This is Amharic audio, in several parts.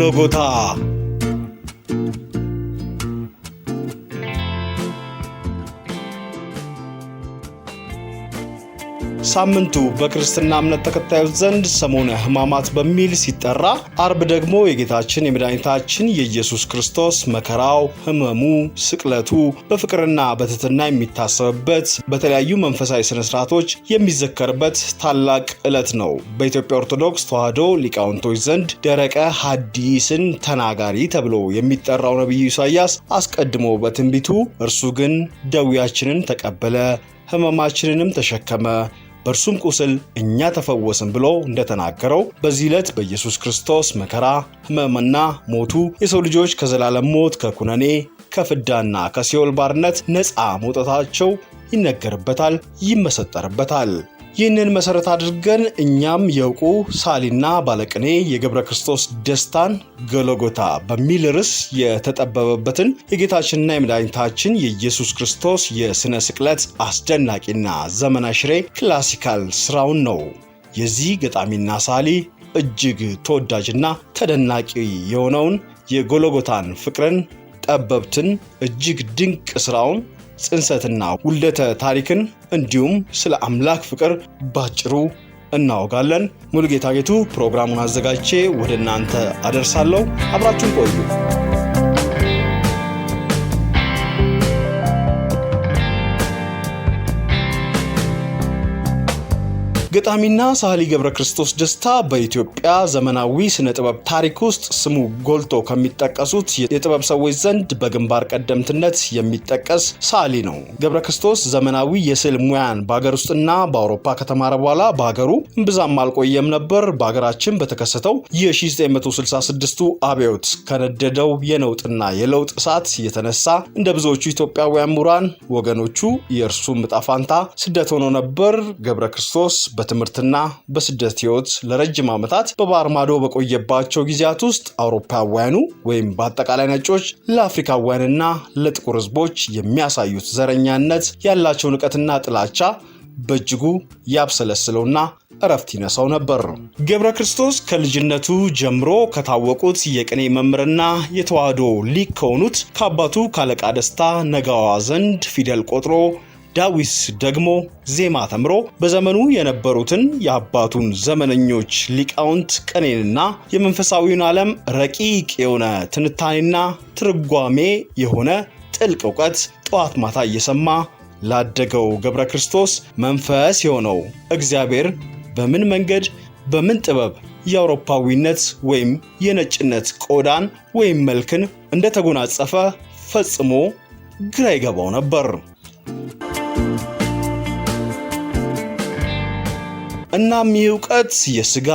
ጎልጎታ ሳምንቱ በክርስትና እምነት ተከታዮች ዘንድ ሰሞነ ሕማማት በሚል ሲጠራ፣ አርብ ደግሞ የጌታችን የመድኃኒታችን የኢየሱስ ክርስቶስ መከራው፣ ሕመሙ፣ ስቅለቱ በፍቅርና በትህትና የሚታሰብበት በተለያዩ መንፈሳዊ ስነ ስርዓቶች የሚዘከርበት ታላቅ ዕለት ነው። በኢትዮጵያ ኦርቶዶክስ ተዋሕዶ ሊቃውንቶች ዘንድ ደረቀ ሐዲስን ተናጋሪ ተብሎ የሚጠራው ነቢዩ ኢሳያስ አስቀድሞ በትንቢቱ እርሱ ግን ደዌያችንን ተቀበለ ሕመማችንንም ተሸከመ በእርሱም ቁስል እኛ ተፈወስን ብሎ እንደተናገረው በዚህ ዕለት በኢየሱስ ክርስቶስ መከራ፣ ሕመምና ሞቱ የሰው ልጆች ከዘላለም ሞት፣ ከኩነኔ፣ ከፍዳና ከሲኦል ባርነት ነፃ መውጣታቸው ይነገርበታል፣ ይመሰጠርበታል። ይህንን መሰረት አድርገን እኛም የውቁ ሳሊና ባለቅኔ የገብረ ክርስቶስ ደስታን ጎልጎታ በሚል ርዕስ የተጠበበበትን የጌታችንና የመድኃኒታችን የኢየሱስ ክርስቶስ የሥነ ስቅለት አስደናቂና ዘመነ አሽሬ ክላሲካል ስራውን ነው። የዚህ ገጣሚና ሳሊ እጅግ ተወዳጅና ተደናቂ የሆነውን የጎልጎታን ፍቅርን፣ ጠበብትን እጅግ ድንቅ ስራውን ጽንሰትና ውልደተ ታሪክን እንዲሁም ስለ አምላክ ፍቅር ባጭሩ እናወጋለን። ሙሉጌታ ጌቱ ፕሮግራሙን አዘጋጅቼ ወደ እናንተ አደርሳለሁ። አብራችሁን ቆዩ። ገጣሚና ሳህሊ ገብረ ክርስቶስ ደስታ በኢትዮጵያ ዘመናዊ ስነ ጥበብ ታሪክ ውስጥ ስሙ ጎልቶ ከሚጠቀሱት የጥበብ ሰዎች ዘንድ በግንባር ቀደምትነት የሚጠቀስ ሳሊ ነው። ገብረ ክርስቶስ ዘመናዊ የስዕል ሙያን በሀገር ውስጥና በአውሮፓ ከተማረ በኋላ በሀገሩ እምብዛም አልቆየም ነበር። በሀገራችን በተከሰተው የ1966ቱ አብዮት ከነደደው የነውጥና የለውጥ እሳት የተነሳ እንደ ብዙዎቹ ኢትዮጵያውያን ምሁራን ወገኖቹ የእርሱ ምጣፋንታ ስደት ሆኖ ነበር። ገብረ ክርስቶስ በትምህርትና በስደት ህይወት ለረጅም ዓመታት በባህር ማዶ በቆየባቸው ጊዜያት ውስጥ አውሮፓውያኑ ወይም በአጠቃላይ ነጮች ለአፍሪካውያንና ለጥቁር ህዝቦች የሚያሳዩት ዘረኛነት ያላቸው ንቀትና ጥላቻ በእጅጉ ያብሰለስለውና እረፍት ይነሳው ነበር። ገብረ ክርስቶስ ከልጅነቱ ጀምሮ ከታወቁት የቅኔ መምህርና የተዋህዶ ሊቅ ከሆኑት ከአባቱ ካለቃ ደስታ ነጋዋ ዘንድ ፊደል ቆጥሮ ዳዊስ ደግሞ ዜማ ተምሮ በዘመኑ የነበሩትን የአባቱን ዘመነኞች ሊቃውንት ቅኔንና የመንፈሳዊውን ዓለም ረቂቅ የሆነ ትንታኔና ትርጓሜ የሆነ ጥልቅ እውቀት ጠዋት ማታ እየሰማ ላደገው ገብረ ክርስቶስ መንፈስ የሆነው እግዚአብሔር በምን መንገድ በምን ጥበብ የአውሮፓዊነት ወይም የነጭነት ቆዳን ወይም መልክን እንደተጎናጸፈ ፈጽሞ ግራ ይገባው ነበር። እናም ይህ እውቀት የስጋ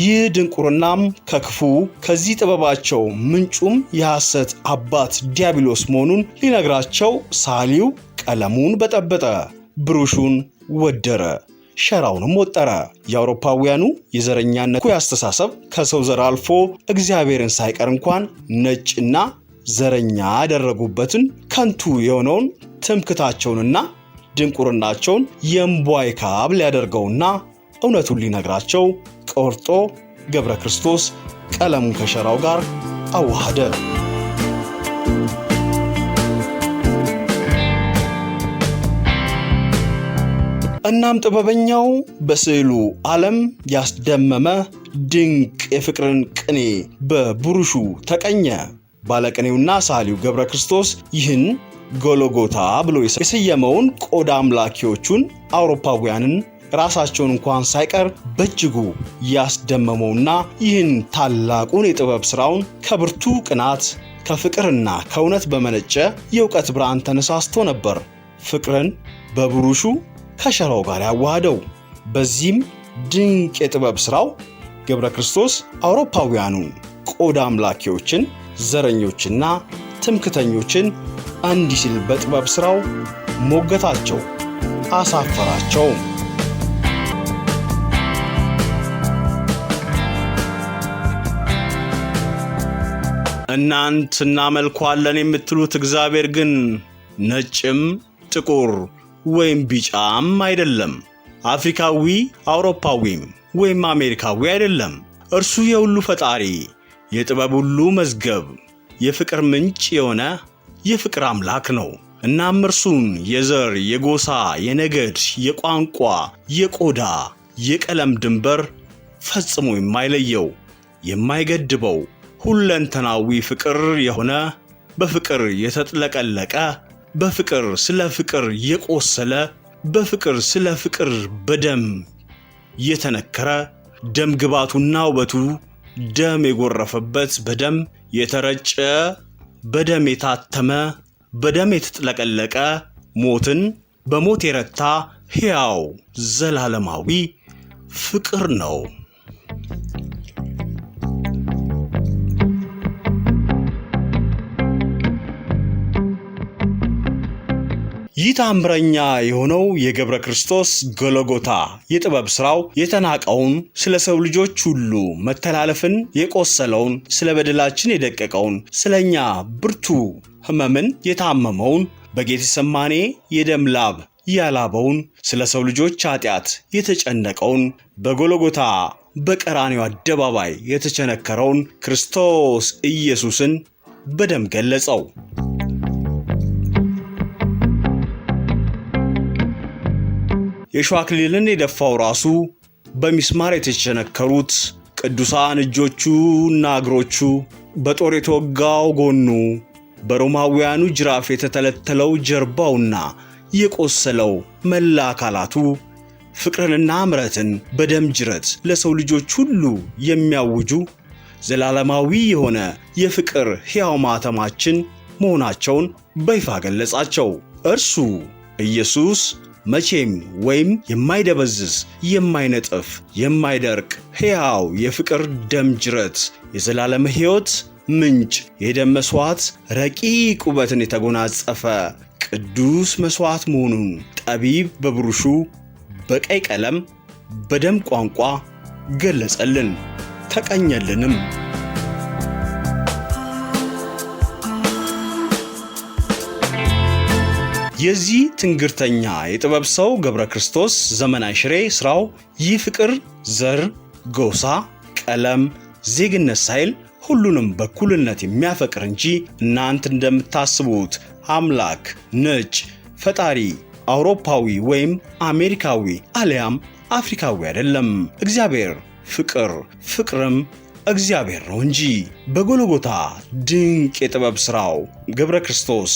ይህ ድንቁርናም ከክፉ ከዚህ ጥበባቸው ምንጩም የሐሰት አባት ዲያብሎስ መሆኑን ሊነግራቸው ሳሊው ቀለሙን በጠበጠ፣ ብሩሹን ወደረ፣ ሸራውንም ወጠረ። የአውሮፓውያኑ የዘረኛነት አስተሳሰብ ከሰው ዘር አልፎ እግዚአብሔርን ሳይቀር እንኳን ነጭና ዘረኛ ያደረጉበትን ከንቱ የሆነውን ትምክታቸውንና ድንቁርናቸውን የእምቧይ ካብ ሊያደርገውና እውነቱን ሊነግራቸው ቆርጦ ገብረ ክርስቶስ ቀለሙን ከሸራው ጋር አዋሃደ። እናም ጥበበኛው በስዕሉ ዓለም ያስደመመ ድንቅ የፍቅርን ቅኔ በብሩሹ ተቀኘ። ባለቅኔውና ሳሊው ገብረ ክርስቶስ ይህን ጎሎጎታ ብሎ የሰየመውን ቆዳ አምላኪዎቹን አውሮፓውያንን ራሳቸውን እንኳን ሳይቀር በእጅጉ ያስደመመውና ይህን ታላቁን የጥበብ ስራውን ከብርቱ ቅናት ከፍቅርና ከእውነት በመነጨ የእውቀት ብርሃን ተነሳስቶ ነበር ፍቅርን በብሩሹ ከሸራው ጋር ያዋህደው። በዚህም ድንቅ የጥበብ ሥራው ገብረ ክርስቶስ አውሮፓውያኑ ቆዳ አምላኪዎችን፣ ዘረኞችና ትምክተኞችን እንዲህ ሲል በጥበብ ሥራው ሞገታቸው፣ አሳፈራቸውም። እናንት እናመልኳለን የምትሉት እግዚአብሔር ግን ነጭም ጥቁር ወይም ቢጫም አይደለም፣ አፍሪካዊ አውሮፓዊም ወይም አሜሪካዊ አይደለም። እርሱ የሁሉ ፈጣሪ፣ የጥበብ ሁሉ መዝገብ፣ የፍቅር ምንጭ የሆነ የፍቅር አምላክ ነው። እናም እርሱን የዘር፣ የጎሳ፣ የነገድ፣ የቋንቋ፣ የቆዳ፣ የቀለም ድንበር ፈጽሞ የማይለየው የማይገድበው ሁለንተናዊ ፍቅር የሆነ በፍቅር የተጥለቀለቀ በፍቅር ስለ ፍቅር የቆሰለ በፍቅር ስለ ፍቅር በደም የተነከረ ደም ግባቱና ውበቱ ደም የጎረፈበት በደም የተረጨ በደም የታተመ በደም የተጥለቀለቀ ሞትን በሞት የረታ ሕያው ዘላለማዊ ፍቅር ነው። ይህ ታምረኛ የሆነው የገብረ ክርስቶስ ጎልጎታ የጥበብ ስራው የተናቀውን ስለ ሰው ልጆች ሁሉ መተላለፍን የቆሰለውን ስለ በደላችን የደቀቀውን ስለኛ ብርቱ ህመምን የታመመውን በጌቴሰማኔ የደም ላብ ያላበውን ስለ ሰው ልጆች ኃጢአት የተጨነቀውን በጎልጎታ በቀራኒው አደባባይ የተቸነከረውን ክርስቶስ ኢየሱስን በደም ገለጸው። የሸዋ አክሊልን የደፋው ራሱ በሚስማር የተቸነከሩት ቅዱሳን እጆቹና እግሮቹ፣ በጦር የተወጋው ጎኑ፣ በሮማውያኑ ጅራፍ የተተለተለው ጀርባውና የቆሰለው መላ አካላቱ ፍቅርንና እምረትን በደም ጅረት ለሰው ልጆች ሁሉ የሚያውጁ ዘላለማዊ የሆነ የፍቅር ሕያው ማተማችን መሆናቸውን በይፋ ገለጻቸው። እርሱ ኢየሱስ መቼም ወይም የማይደበዝዝ የማይነጥፍ የማይደርቅ ሕያው የፍቅር ደም ጅረት የዘላለም ሕይወት ምንጭ የደም መሥዋዕት ረቂቅ ውበትን የተጎናጸፈ ቅዱስ መሥዋዕት መሆኑን ጠቢብ በብሩሹ በቀይ ቀለም በደም ቋንቋ ገለጸልን፣ ተቀኘልንም። የዚህ ትንግርተኛ የጥበብ ሰው ገብረ ክርስቶስ ዘመን አይሽሬ ስራው ይህ ፍቅር ዘር፣ ጎሳ፣ ቀለም፣ ዜግነት ሳይል ሁሉንም በኩልነት የሚያፈቅር እንጂ እናንት እንደምታስቡት አምላክ፣ ነጭ፣ ፈጣሪ፣ አውሮፓዊ ወይም አሜሪካዊ አሊያም አፍሪካዊ አይደለም። እግዚአብሔር ፍቅር፣ ፍቅርም እግዚአብሔር ነው እንጂ። በጎልጎታ ድንቅ የጥበብ ሥራው ገብረ ክርስቶስ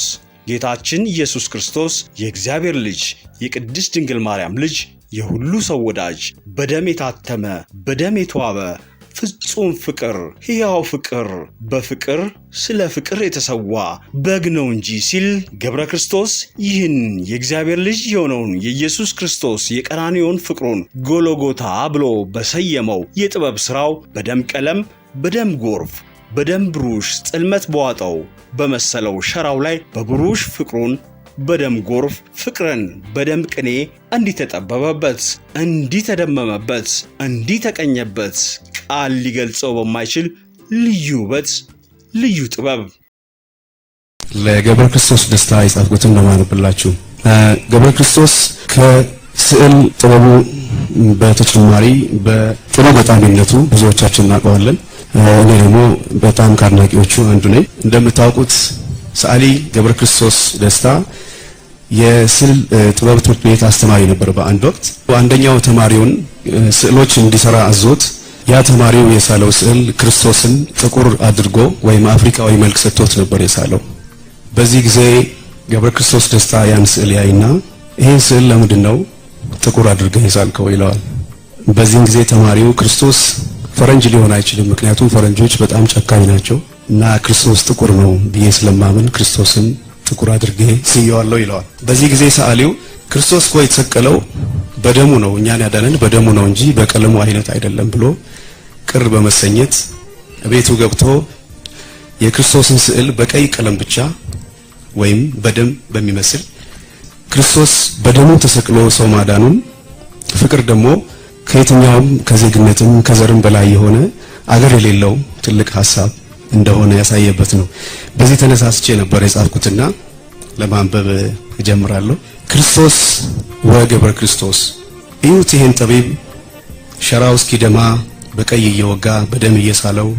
ጌታችን ኢየሱስ ክርስቶስ የእግዚአብሔር ልጅ የቅድስት ድንግል ማርያም ልጅ የሁሉ ሰው ወዳጅ በደም የታተመ በደም የተዋበ ፍጹም ፍቅር ሕያው ፍቅር በፍቅር ስለ ፍቅር የተሰዋ በግ ነው እንጂ ሲል ገብረ ክርስቶስ ይህን የእግዚአብሔር ልጅ የሆነውን የኢየሱስ ክርስቶስ የቀራንዮን ፍቅሩን ጎሎጎታ ብሎ በሰየመው የጥበብ ሥራው በደም ቀለም በደም ጎርፍ በደም ብሩሽ ጥልመት በዋጠው በመሰለው ሸራው ላይ በብሩሽ ፍቅሩን በደም ጎርፍ ፍቅርን በደም ቅኔ እንዲተጠበበበት እንዲተደመመበት እንዲተቀኘበት ቃል ሊገልጸው በማይችል ልዩ ውበት ልዩ ጥበብ ለገብረ ክርስቶስ ደስታ የጻፍኩትን ነው ገብረ ክርስቶስ ከስዕል ጥበቡ በተጨማሪ በጥሩ ገጣሚነቱ ብዙዎቻችን እናውቀዋለን። እኔ ደግሞ በጣም ከአድናቂዎቹ አንዱ ነኝ። እንደምታውቁት ሰዓሊ ገብረ ክርስቶስ ደስታ የስዕል ጥበብ ትምህርት ቤት አስተማሪ ነበር። በአንድ ወቅት አንደኛው ተማሪውን ስዕሎች እንዲሰራ አዞት ያ ተማሪው የሳለው ስዕል ክርስቶስን ጥቁር አድርጎ ወይም አፍሪካዊ መልክ ሰጥቶት ነበር የሳለው። በዚህ ጊዜ ገብረ ክርስቶስ ደስታ ያን ስዕል ያይና ይህን ስዕል ለምንድን ነው ጥቁር አድርገህ የሳልከው ይለዋል። በዚህን ጊዜ ተማሪው ክርስቶስ ፈረንጅ ሊሆን አይችልም። ምክንያቱም ፈረንጆች በጣም ጨካኝ ናቸው እና ክርስቶስ ጥቁር ነው ብዬ ስለማምን ክርስቶስን ጥቁር አድርጌ ስየዋለሁ ይለዋል። በዚህ ጊዜ ሰዓሊው ክርስቶስ እኮ የተሰቀለው በደሙ ነው፣ እኛን ያዳነን በደሙ ነው እንጂ በቀለሙ አይነት አይደለም ብሎ ቅር በመሰኘት ቤቱ ገብቶ የክርስቶስን ስዕል በቀይ ቀለም ብቻ ወይም በደም በሚመስል ክርስቶስ በደሙ ተሰቅሎ ሰው ማዳኑን ፍቅር ደግሞ ከየትኛውም ከዜግነትም ከዘርም በላይ የሆነ አገር የሌለው ትልቅ ሀሳብ እንደሆነ ያሳየበት ነው። በዚህ ተነሳስቼ ነበር የጻፍኩትና ለማንበብ እጀምራለሁ። ክርስቶስ ወገብረ ክርስቶስ እዩት ይህን ጠቢብ ሸራው እስኪደማ በቀይ እየወጋ በደም እየሳለው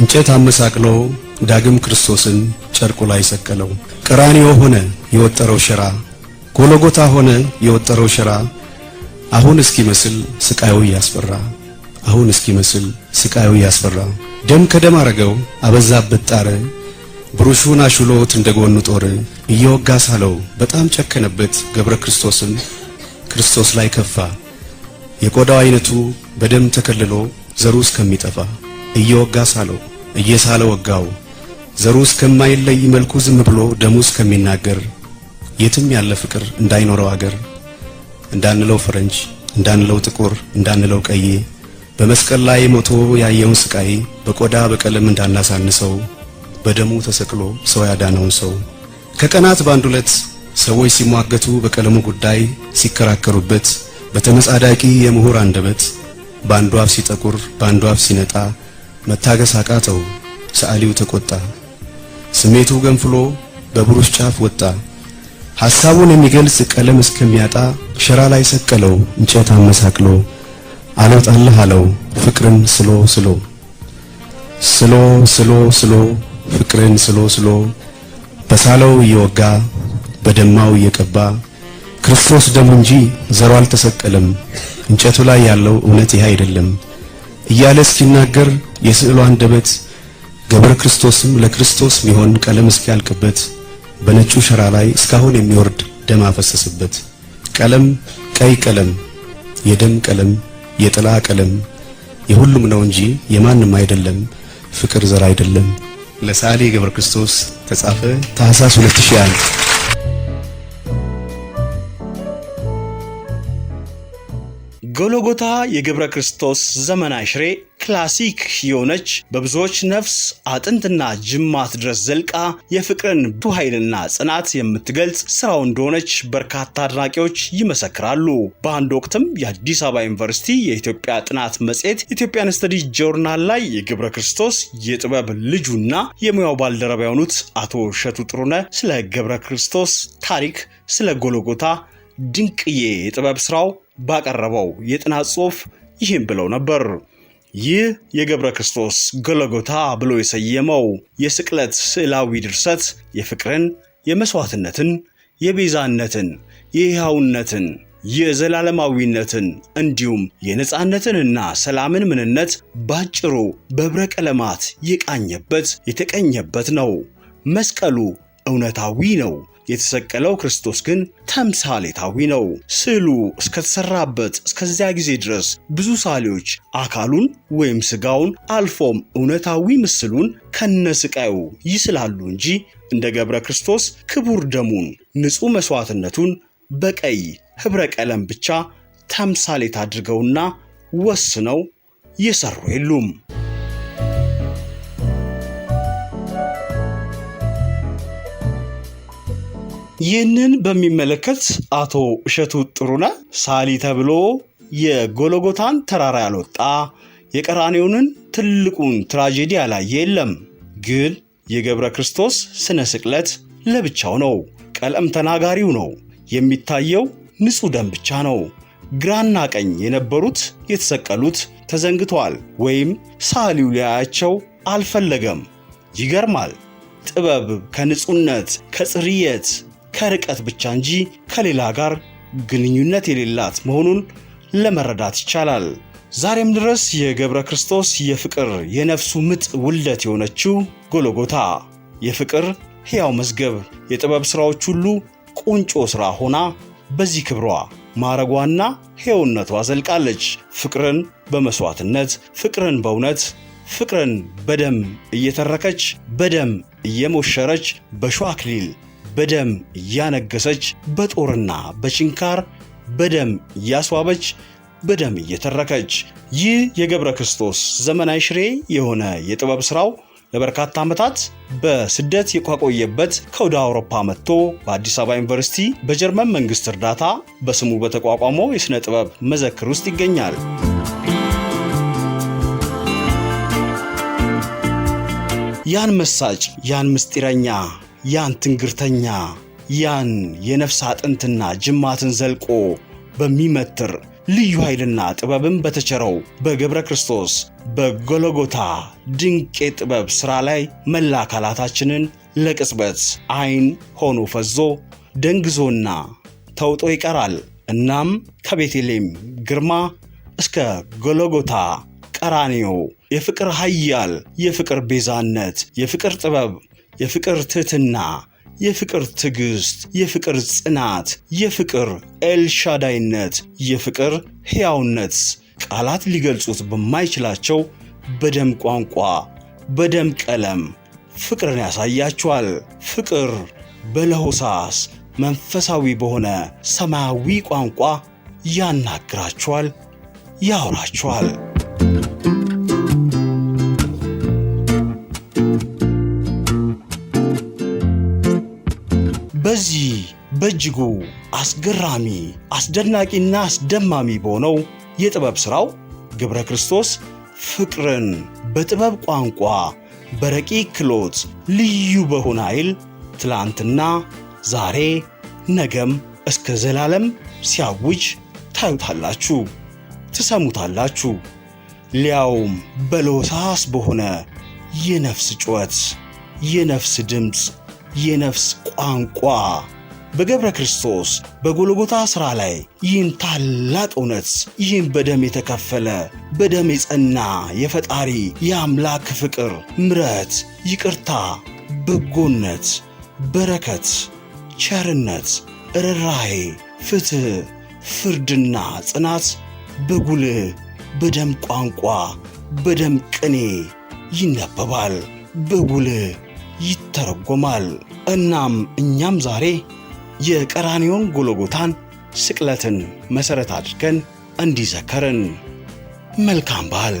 እንጨት አመሳቅሎ ዳግም ክርስቶስን ጨርቁ ላይ ሰቀለው። ቀራንዮ ሆነ የወጠረው ሸራ፣ ጎለጎታ ሆነ የወጠረው ሸራ አሁን እስኪመስል ስቃዩ እያስፈራ አሁን እስኪመስል ስቃዩ እያስፈራ ደም ከደም አረገው አበዛበት ጣረ ብሩሹን አሹሎት እንደጎኑ ጦር እየወጋ ሳለው በጣም ጨከነበት ገብረ ክርስቶስን ክርስቶስ ላይ ከፋ የቆዳው አይነቱ በደም ተከልሎ ዘሩ እስከሚጠፋ እየወጋ ሳለው እየሳለ ወጋው ዘሩ እስከማይለይ መልኩ ዝም ብሎ ደሙ እስከሚናገር የትም ያለ ፍቅር እንዳይኖረው አገር እንዳንለው ፈረንጅ፣ እንዳንለው ጥቁር፣ እንዳንለው ቀይ በመስቀል ላይ ሞቶ ያየውን ስቃይ በቆዳ በቀለም እንዳናሳንሰው በደሙ ተሰቅሎ ሰው ያዳነውን ሰው ከቀናት በአንድ ዕለት ሰዎች ሲሟገቱ በቀለሙ ጉዳይ ሲከራከሩበት በተመጻዳቂ የምሁር አንደበት በአንዱ አፍ ሲጠቁር በአንዱ አፍ ሲነጣ መታገስ አቃተው ሰዓሊው ተቆጣ ስሜቱ ገንፍሎ በብሩሽ ጫፍ ወጣ ሐሳቡን የሚገልጽ ቀለም እስከሚያጣ ሸራ ላይ ሰቀለው እንጨት አመሳቅሎ አልወጣልህ አለው ፍቅርን ስሎ ስሎ ስሎ ስሎ ስሎ ፍቅርን ስሎ ስሎ በሳለው እየወጋ በደማው እየቀባ ክርስቶስ ደሙ እንጂ ዘሮ አልተሰቀለም እንጨቱ ላይ ያለው እውነት ይህ አይደለም እያለ እስኪናገር የስዕሉ አንደበት ገብረ ክርስቶስም ለክርስቶስ ሚሆን ቀለም እስኪያልቅበት በነጩ ሸራ ላይ እስካሁን የሚወርድ ደም አፈሰሰበት። ቀለም ቀይ ቀለም፣ የደም ቀለም፣ የጥላ ቀለም የሁሉም ነው እንጂ የማንም አይደለም። ፍቅር ዘር አይደለም። ለሳሌ ገብረ ክርስቶስ ተጻፈ ታህሳስ 2001 ጎልጎታ የገብረ ክርስቶስ ዘመን አሽሬ ክላሲክ የሆነች በብዙዎች ነፍስ አጥንትና ጅማት ድረስ ዘልቃ የፍቅርን ብኃይልና ኃይልና ጽናት የምትገልጽ ስራው እንደሆነች በርካታ አድናቂዎች ይመሰክራሉ። በአንድ ወቅትም የአዲስ አበባ ዩኒቨርሲቲ የኢትዮጵያ ጥናት መጽሔት ኢትዮጵያን ስተዲ ጆርናል ላይ የገብረ ክርስቶስ የጥበብ ልጁና የሙያው ባልደረባ የሆኑት አቶ እሸቱ ጥሩነ ስለ ገብረ ክርስቶስ ታሪክ፣ ስለ ጎልጎታ ድንቅዬ የጥበብ ስራው ባቀረበው የጥናት ጽሑፍ ይህም ብለው ነበር። ይህ የገብረ ክርስቶስ ጎልጎታ ብሎ የሰየመው የስቅለት ስዕላዊ ድርሰት የፍቅርን፣ የመሥዋዕትነትን፣ የቤዛነትን፣ የሕያውነትን፣ የዘላለማዊነትን እንዲሁም የነፃነትንና ሰላምን ምንነት ባጭሩ በብረ ቀለማት የቃኘበት የተቀኘበት ነው። መስቀሉ እውነታዊ ነው። የተሰቀለው ክርስቶስ ግን ተምሳሌታዊ ነው። ስዕሉ እስከተሰራበት እስከዚያ ጊዜ ድረስ ብዙ ሳሌዎች አካሉን ወይም ስጋውን አልፎም እውነታዊ ምስሉን ከነስቃዩ ይስላሉ እንጂ እንደ ገብረ ክርስቶስ ክቡር ደሙን ንጹሕ መሥዋዕትነቱን በቀይ ኅብረ ቀለም ብቻ ተምሳሌት አድርገውና ወስነው የሰሩ የሉም። ይህንን በሚመለከት አቶ እሸቱ ጥሩነ ሳሊ ተብሎ የጎሎጎታን ተራራ ያልወጣ የቀራኔውንን ትልቁን ትራጄዲ ያላየ የለም። ግን የገብረ ክርስቶስ ስነ ስቅለት ለብቻው ነው። ቀለም ተናጋሪው ነው። የሚታየው ንጹሕ ደም ብቻ ነው። ግራና ቀኝ የነበሩት የተሰቀሉት ተዘንግተዋል፣ ወይም ሳሊው ሊያያቸው አልፈለገም። ይገርማል። ጥበብ ከንጹነት ከጽርየት ከርቀት ብቻ እንጂ ከሌላ ጋር ግንኙነት የሌላት መሆኑን ለመረዳት ይቻላል። ዛሬም ድረስ የገብረ ክርስቶስ የፍቅር የነፍሱ ምጥ ውልደት የሆነችው ጎልጎታ የፍቅር ሕያው መዝገብ የጥበብ ሥራዎች ሁሉ ቁንጮ ሥራ ሆና በዚህ ክብሯ ማረጓና ሕያውነቷ ዘልቃለች። ፍቅርን በመሥዋዕትነት፣ ፍቅርን በእውነት፣ ፍቅርን በደም እየተረከች በደም እየሞሸረች በሸዋ አክሊል በደም ያነገሰች፣ በጦርና በችንካር በደም ያስዋበች፣ በደም እየተረከች። ይህ የገብረ ክርስቶስ ዘመናዊ ሽሬ የሆነ የጥበብ ሥራው ለበርካታ ዓመታት በስደት የቋቆየበት ከወደ አውሮፓ መጥቶ በአዲስ አበባ ዩኒቨርሲቲ በጀርመን መንግሥት እርዳታ በስሙ በተቋቋመው የሥነ ጥበብ መዘክር ውስጥ ይገኛል። ያን መሳጭ ያን ምስጢረኛ ያን ትንግርተኛ ያን የነፍስ አጥንትና ጅማትን ዘልቆ በሚመትር ልዩ ኃይልና ጥበብን በተቸረው በገብረ ክርስቶስ በጎሎጎታ ድንቅ የጥበብ ሥራ ላይ መላ አካላታችንን ለቅጽበት ዐይን ሆኖ ፈዞ ደንግዞና ተውጦ ይቀራል። እናም ከቤተልሔም ግርማ እስከ ጎሎጎታ ቀራንዮ የፍቅር ኃያል የፍቅር ቤዛነት የፍቅር ጥበብ የፍቅር ትህትና፣ የፍቅር ትዕግስት የፍቅር ጽናት፣ የፍቅር ኤልሻዳይነት፣ የፍቅር ሕያውነት ቃላት ሊገልጹት በማይችላቸው በደም ቋንቋ በደም ቀለም ፍቅርን ያሳያችኋል። ፍቅር በለሆሳስ መንፈሳዊ በሆነ ሰማያዊ ቋንቋ ያናግራችኋል፣ ያውራችኋል። በእጅጉ አስገራሚ አስደናቂና አስደማሚ በሆነው የጥበብ ሥራው ግብረ ክርስቶስ ፍቅርን በጥበብ ቋንቋ በረቂቅ ክሎት ልዩ በሆነ ኃይል ትላንትና፣ ዛሬ፣ ነገም እስከ ዘላለም ሲያውጅ ታዩታላችሁ፣ ትሰሙታላችሁ። ሊያውም በሎሳስ በሆነ የነፍስ ጩኸት፣ የነፍስ ድምፅ፣ የነፍስ ቋንቋ በገብረ ክርስቶስ በጎልጎታ ሥራ ላይ ይህን ታላቅ እውነት ይህን በደም የተከፈለ በደም የጸና የፈጣሪ የአምላክ ፍቅር፣ ምረት፣ ይቅርታ፣ በጎነት፣ በረከት፣ ቸርነት፣ ርኅራኄ፣ ፍትሕ፣ ፍርድና ጽናት በጉልህ በደም ቋንቋ በደም ቅኔ ይነበባል፣ በጉልህ ይተረጎማል። እናም እኛም ዛሬ የቀራኒዮን ጎሎጎታን ስቅለትን መሠረት አድርገን እንዲዘከርን መልካም በዓል